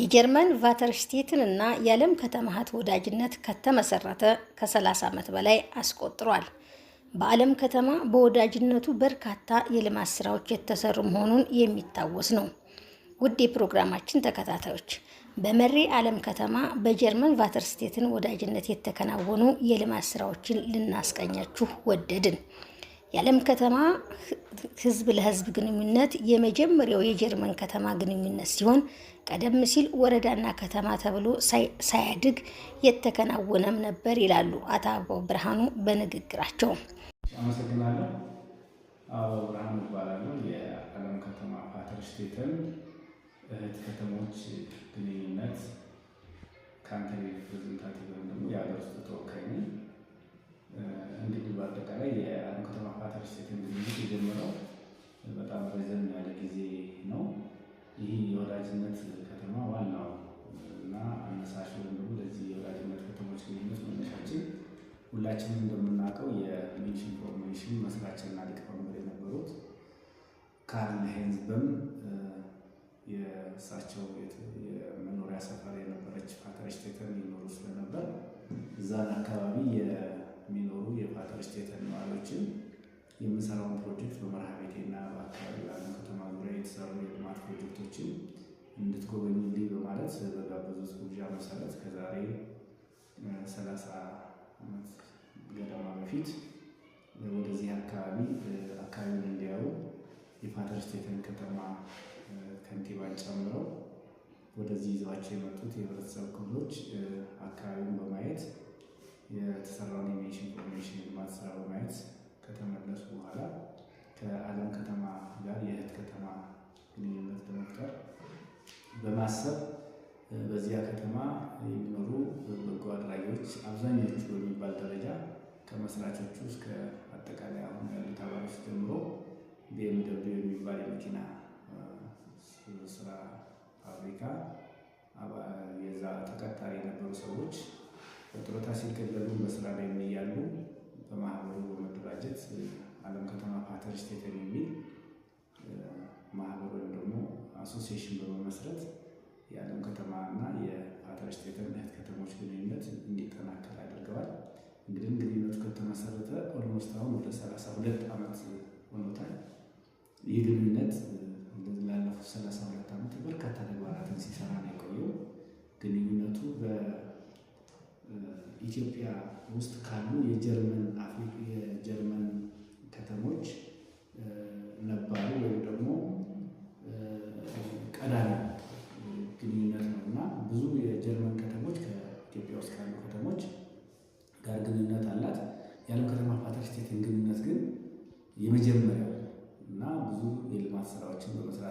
የጀርመን ቫተርሽቴትን እና የዓለም ከተማሃት ወዳጅነት ከተመሰረተ ከ30 ዓመት በላይ አስቆጥሯል። በዓለም ከተማ በወዳጅነቱ በርካታ የልማት ስራዎች የተሰሩ መሆኑን የሚታወስ ነው። ውድ የፕሮግራማችን ተከታታዮች በመሬ ዓለም ከተማ በጀርመን ቫተርስቴትን ወዳጅነት የተከናወኑ የልማት ስራዎችን ልናስቀኛችሁ ወደድን። የዓለም ከተማ ህዝብ ለህዝብ ግንኙነት የመጀመሪያው የጀርመን ከተማ ግንኙነት ሲሆን ቀደም ሲል ወረዳና ከተማ ተብሎ ሳያድግ የተከናወነም ነበር ይላሉ አቶ አበባው ብርሃኑ በንግግራቸው። አመሰግናለሁ። አበባው ብርሃኑ እባላለሁ። የዓለም ከተማ ፓተርስቴትን እህት ከተሞች ግንኙነት ካንትሪ ሪፕሬዘንታቲቭ ወይም ደግሞ የሀገር ውስጥ ተወካይ ነኝ። እንግዲህ በአጠቃላይ የአለም ከተማ ፋተር ስቴት የጀመረው በጣም ረዘም ያለ ጊዜ ነው። ይህ የወዳጅነት ከተማ ዋናው እና አነሳሽ ወይም ደግሞ ለዚህ የወዳጅነት ከተሞች ግንኙነት መነሻችን ሁላችንም እንደምናውቀው የሚሽን ኮርፖሬሽን መስራችና ሊቀመንበር የነበሩት ካርል ሄንዝበም የእሳቸው የመኖሪያ ሰፈር የነበረች ፋተር ስቴትን ይኖሩ ስለነበር እዛን አካባቢ የ የምሰራውን ፕሮጀክት በመርሃ ቤቴና በአካባቢ ላሉ ከተማ ዙሪያ የተሰሩ የልማት ፕሮጀክቶችን እንድትጎበኙልኝ በማለት በጋበዙት ግብዣ መሰረት ከዛሬ ሰላሳ ዓመት ገደማ በፊት ወደዚህ አካባቢ አካባቢውን እንዲያዩ የፓተር ስቴተን ከተማ ከንቲባን ጨምረው ወደዚህ ይዘዋቸው የመጡት የህብረተሰብ ክፍሎች አካባቢውን በማየት የተሰራውን የሜንሽን ኮሚሽን ልማት ስራ በማየት ከተመለሱ በኋላ ከአለም ከተማ ጋር የእህት ከተማ ግንኙነት ለመፍጠር በማሰብ በዚያ ከተማ የሚኖሩ በጎ አድራጊዎች አብዛኞቹ በሚባል ደረጃ ከመስራቾቹ እስከ አጠቃላይ አሁን ያሉት አባሎች ጀምሮ ቢኤምደብሊው የሚባል የመኪና ስራ ፋብሪካ የዛ ተቀጣሪ የነበሩ ሰዎች በጡረታ ሲገለሉ በስራ ላይ እያሉ በማህበሩ በመደራጀት አለም ከተማ ፓተር ስቴተን የሚል ማህበር ወይም ደግሞ አሶሲሽን በመመስረት የአለም ከተማ እና የፓተር ስቴተን እህት ከተሞች ግንኙነት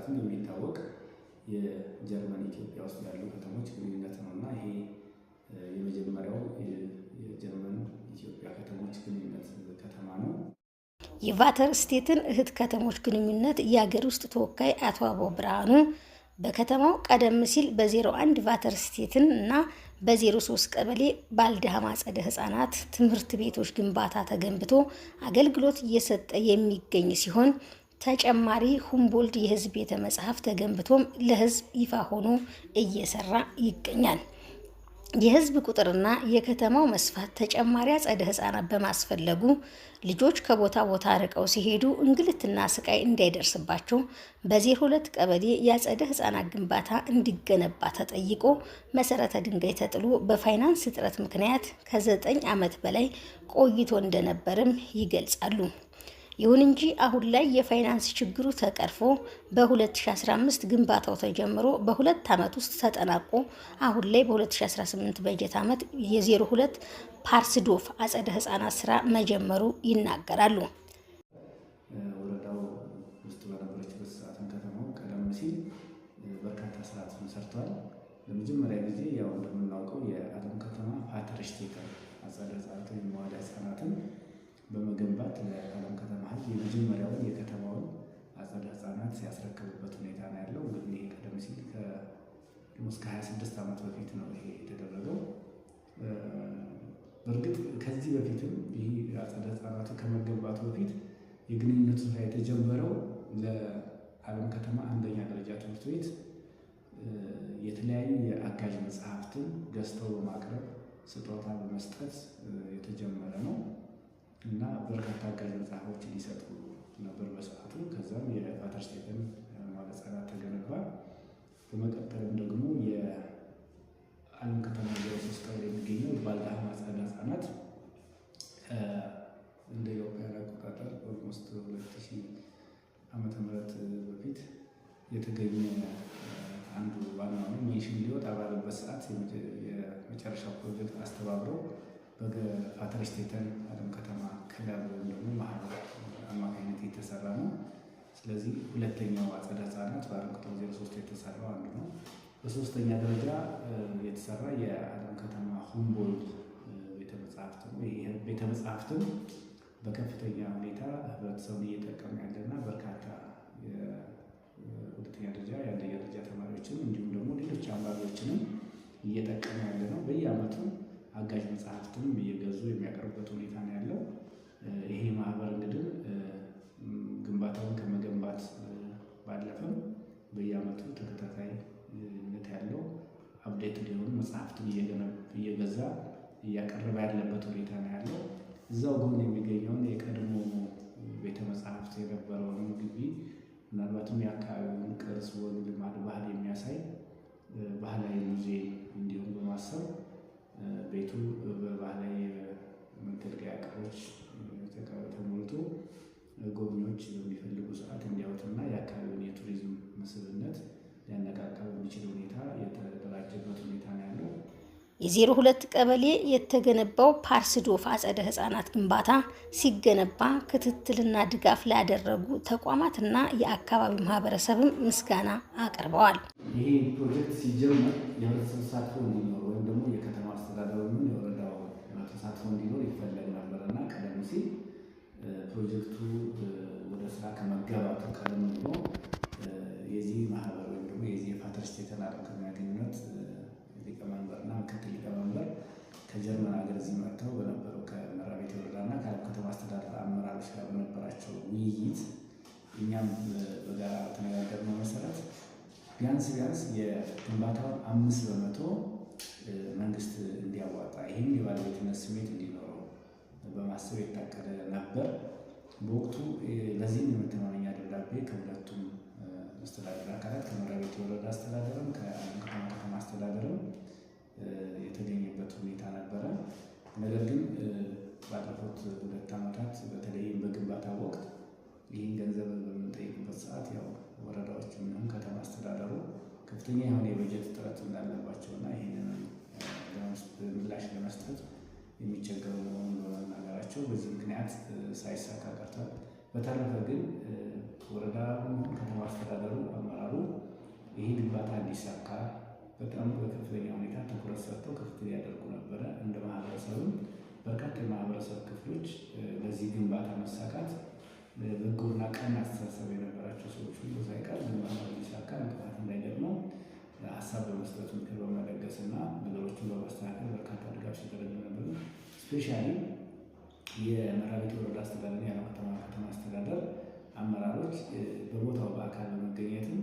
በመስራትም የሚታወቅ የጀርመን ኢትዮጵያ ውስጥ ያሉ ከተሞች ግንኙነት ነው እና ይሄ የመጀመሪያው የጀርመን ኢትዮጵያ ከተሞች ግንኙነት ከተማ ነው። የቫተር ስቴትን እህት ከተሞች ግንኙነት የአገር ውስጥ ተወካይ አቶ አቦ ብርሃኑ በከተማው ቀደም ሲል በ01 ቫተር ስቴትን እና በ03 ቀበሌ ባልደሃ ማጸደ ህጻናት ትምህርት ቤቶች ግንባታ ተገንብቶ አገልግሎት እየሰጠ የሚገኝ ሲሆን ተጨማሪ ሁምቦልድ የህዝብ ቤተ መጽሐፍ ተገንብቶም ለህዝብ ይፋ ሆኖ እየሰራ ይገኛል። የህዝብ ቁጥርና የከተማው መስፋት ተጨማሪ አጸደ ህጻናት በማስፈለጉ ልጆች ከቦታ ቦታ ርቀው ሲሄዱ እንግልትና ስቃይ እንዳይደርስባቸው በዜሮ ሁለት ቀበሌ የአጸደ ህጻናት ግንባታ እንዲገነባ ተጠይቆ መሰረተ ድንጋይ ተጥሎ በፋይናንስ እጥረት ምክንያት ከዘጠኝ ዓመት በላይ ቆይቶ እንደነበርም ይገልጻሉ። ይሁን እንጂ አሁን ላይ የፋይናንስ ችግሩ ተቀርፎ በ2015 ግንባታው ተጀምሮ በሁለት ዓመት ውስጥ ተጠናቆ አሁን ላይ በ2018 በጀት ዓመት የ02 ፓርስዶፍ አጸደ ህፃናት ስራ መጀመሩ ይናገራሉ። ወረዳው ውስጥ በነበረችበት ሰዓትን ከተማው ቀደም ሲል በርካታ ሰርተዋል። ለመጀመሪያ ጊዜ ያው እንደምናውቀው የአለም ከተማ አጸደ በመገንባት ለቀለም ከተማ ህዝብ የመጀመሪያውን የከተማውን አጸደ ህፃናት ያስረከቡበት ሁኔታ ነው ያለው። እንግዲህ ቀደም ሲል ከ 26 ዓመት በፊት ነው ይሄ የተደረገው። በእርግጥ ከዚህ በፊትም ይህ አጸደ ህፃናቱ ከመገንባቱ በፊት የግንኙነቱ ስራ የተጀመረው ለአለም ከተማ አንደኛ ደረጃ ትምህርት ቤት የተለያዩ የአጋዥ መጽሐፍትን ገዝተው በማቅረብ ስጦታ በመስጠት የተጀመረ ነው። እና በርካታ አጋዥ መጽሐፎችን ይሰጡ ነበር በሰዓቱ። ከዛም የፓተር ስቴፈን ማህፀናት ተገነባ። በመቀጠልም ደግሞ የአለም ከተማ ሶስት ቀበሌ የሚገኘው ባልዳህ ማህፀንና ህጻናት እንደ ኢትዮጵያን አቆጣጠር ኦልሞስት ሁለት ሺ ዓመተ ምህረት በፊት የተገኘ አንዱ ዋና ሜንሽን ሊወጣ ባለበት ሰዓት የመጨረሻው ፕሮጀክት አስተባብረው በአትረስቴተን አለም ከተማ ክለብ ወይም ደግሞ ማህበር አማካኝነት የተሰራ ነው። ስለዚህ ሁለተኛው አጸደ ህጻናት በአለም ከተማ ዜሮ ሶስት የተሰራው አንዱ ነው። በሶስተኛ ደረጃ የተሰራ የአለም ከተማ ሁምቦልት ቤተመጽሐፍት ነው። ይህ ቤተመጽሐፍትም በከፍተኛ ሁኔታ ህብረተሰቡን እየጠቀመ ያለና በርካታ ሁለተኛ ደረጃ የአንደኛ ደረጃ ተማሪዎችን እንዲሁም ደግሞ ሌሎች አንባቢዎችንም እየጠቀመ ያለ ነው በየአመቱ አጋዥ መጽሐፍትንም እየገዙ የሚያቀርቡበት ሁኔታ ነው ያለው። ይሄ ማህበር እንግዲህ ግንባታውን ከመገንባት ባለፈም በየአመቱ ተከታታይነት ያለው አብዴት ሊሆኑ መጽሐፍትን እየገዛ እያቀረበ ያለበት ሁኔታ ነው ያለው። እዛው ጎን የሚገኘውን የቀድሞ ቤተ መጽሐፍት የነበረውን ግቢ ምናልባትም የአካባቢውን ቅርስ፣ ወግ፣ ልማድ፣ ባህል የሚያሳይ ባህላዊ ሙዚየም እንዲሁም በማሰብ ቤቱ በባህላዊ መገልገያ እቃዎች ተሞልቶ ጎብኚዎች በሚፈልጉ ሰዓት እንዲያዩትና የአካባቢውን የቱሪዝም መስህብነት ሊያነቃቃ በሚችል ሁኔታ የተደራጀበት ሁኔታ ነው ያለው። የዜሮ ሁለት ቀበሌ የተገነባው ፓርስዶፍ አጸደ ህጻናት ግንባታ ሲገነባ ክትትልና ድጋፍ ላደረጉ ተቋማትና የአካባቢው ማህበረሰብም ምስጋና አቅርበዋል። ይሄ ፕሮጀክት ሲጀመር የህብረተሰብ ሳትፎ እንዲኖር ወይም ቢያንስ ቢያንስ የግንባታውን አምስት በመቶ መንግስት እንዲያዋጣ ይህም የባለቤትነት ስሜት እንዲኖረው በማሰብ የታቀደ ነበር። በወቅቱ ለዚህም የመተማመኛ የበጀት እጥረት እንዳለባቸው እና ይህንን ምላሽ ለመስጠት የሚቸገሩ መሆኑን በመናገራቸው በዚህ ምክንያት ሳይሳካ ቀርቷል። በተረፈ ግን ወረዳ ከተማ አስተዳደሩ አመራሩ ይህ ግንባታ እንዲሳካ በጣም በከፍተኛ ሁኔታ ትኩረት ሰጥተው ክፍትል ያደርጉ ነበረ። እንደ ማህበረሰብም በርካታ የማህበረሰብ ክፍሎች ለዚህ ግንባታ መሳካት በጎና ቀን አስተሳሰብ የነበራቸው ሰዎች ሁሉ ሳይቀር ግንባታ እንዲሳካ እንቅፋት እንዳይገጥመው ሀሳብ በመስጠት ምክር በመለገስ እና ነገሮችን በማስተካከል በርካታ ድጋፍ ሲደረግ ነበሩ። ስፔሻሊ የመራቤት ወረዳ አስተዳደር የአለማ ከተማ ከተማ አስተዳደር አመራሮች በቦታው በአካል በመገኘትም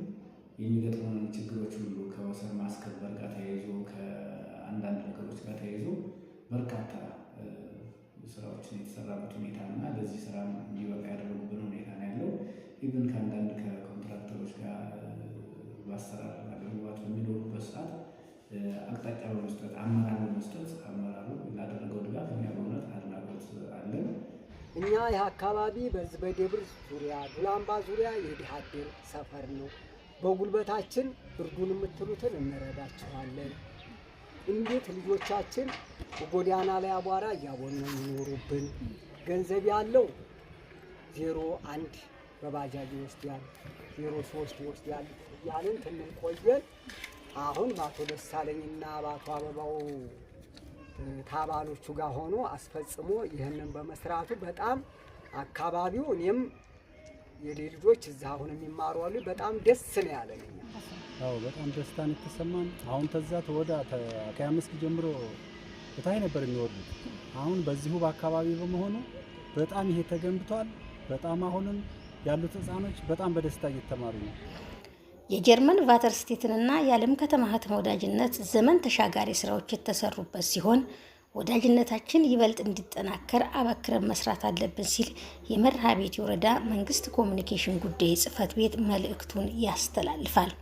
የሚገጥመን ችግሮች ሁሉ ከወሰን ማስከበር ጋር ተያይዞ ከአንዳንድ ነገሮች ጋር ተያይዞ በርካታ ስራዎችን የተሰራበት ሁኔታ እና ለዚህ ስራ እንዲበቃ ያደረጉብን ሁኔታ ነው ያለው። ኢቭን ከአንዳንድ ከኮንትራክተሮች ጋር ባሰራር አቅጣጫ በመስጠት አመራር በመስጠት አመራሩ ላደረገው ድጋፍ እኛ በእውነት አድናቆት አለን። እኛ ይህ አካባቢ በዚህ በደብር ዙሪያ ዱላምባ ዙሪያ የድሃ አደር ሰፈር ነው። በጉልበታችን ብርዱን የምትሉትን እንረዳችኋለን። እንዴት ልጆቻችን በጎዳና ላይ አቧራ እያቦነ የሚኖሩብን ገንዘብ ያለው ዜሮ አንድ በባጃጅ ይወስዳል፣ ዜሮ ሶስት ይወስዳል። ያንን ትንል ቆየን አሁን በአቶ ደሳለኝና በአቶ አበባው ከአባሎቹ ጋር ሆኖ አስፈጽሞ ይህንን በመስራቱ በጣም አካባቢው እኔም የሌ ልጆች እዚህ አሁን የሚማሩ አሉ። በጣም ደስ ነው ያለኝ። አዎ በጣም ደስታን የተሰማን አሁን ተዛ ተወዳ ከአምስት ጀምሮ እታይ ነበር የሚወዱት አሁን በዚሁ በአካባቢ በመሆኑ በጣም ይሄ ተገንብቷል። በጣም አሁንም ያሉት ህፃኖች በጣም በደስታ እየተማሩ ነው። የጀርመን ቫተር ስቴትንና የዓለም ከተማህት ወዳጅነት ዘመን ተሻጋሪ ስራዎች የተሰሩበት ሲሆን ወዳጅነታችን ይበልጥ እንዲጠናከር አበክረን መስራት አለብን ሲል የመርሃ ቤት ወረዳ መንግስት ኮሚኒኬሽን ጉዳይ ጽህፈት ቤት መልእክቱን ያስተላልፋል።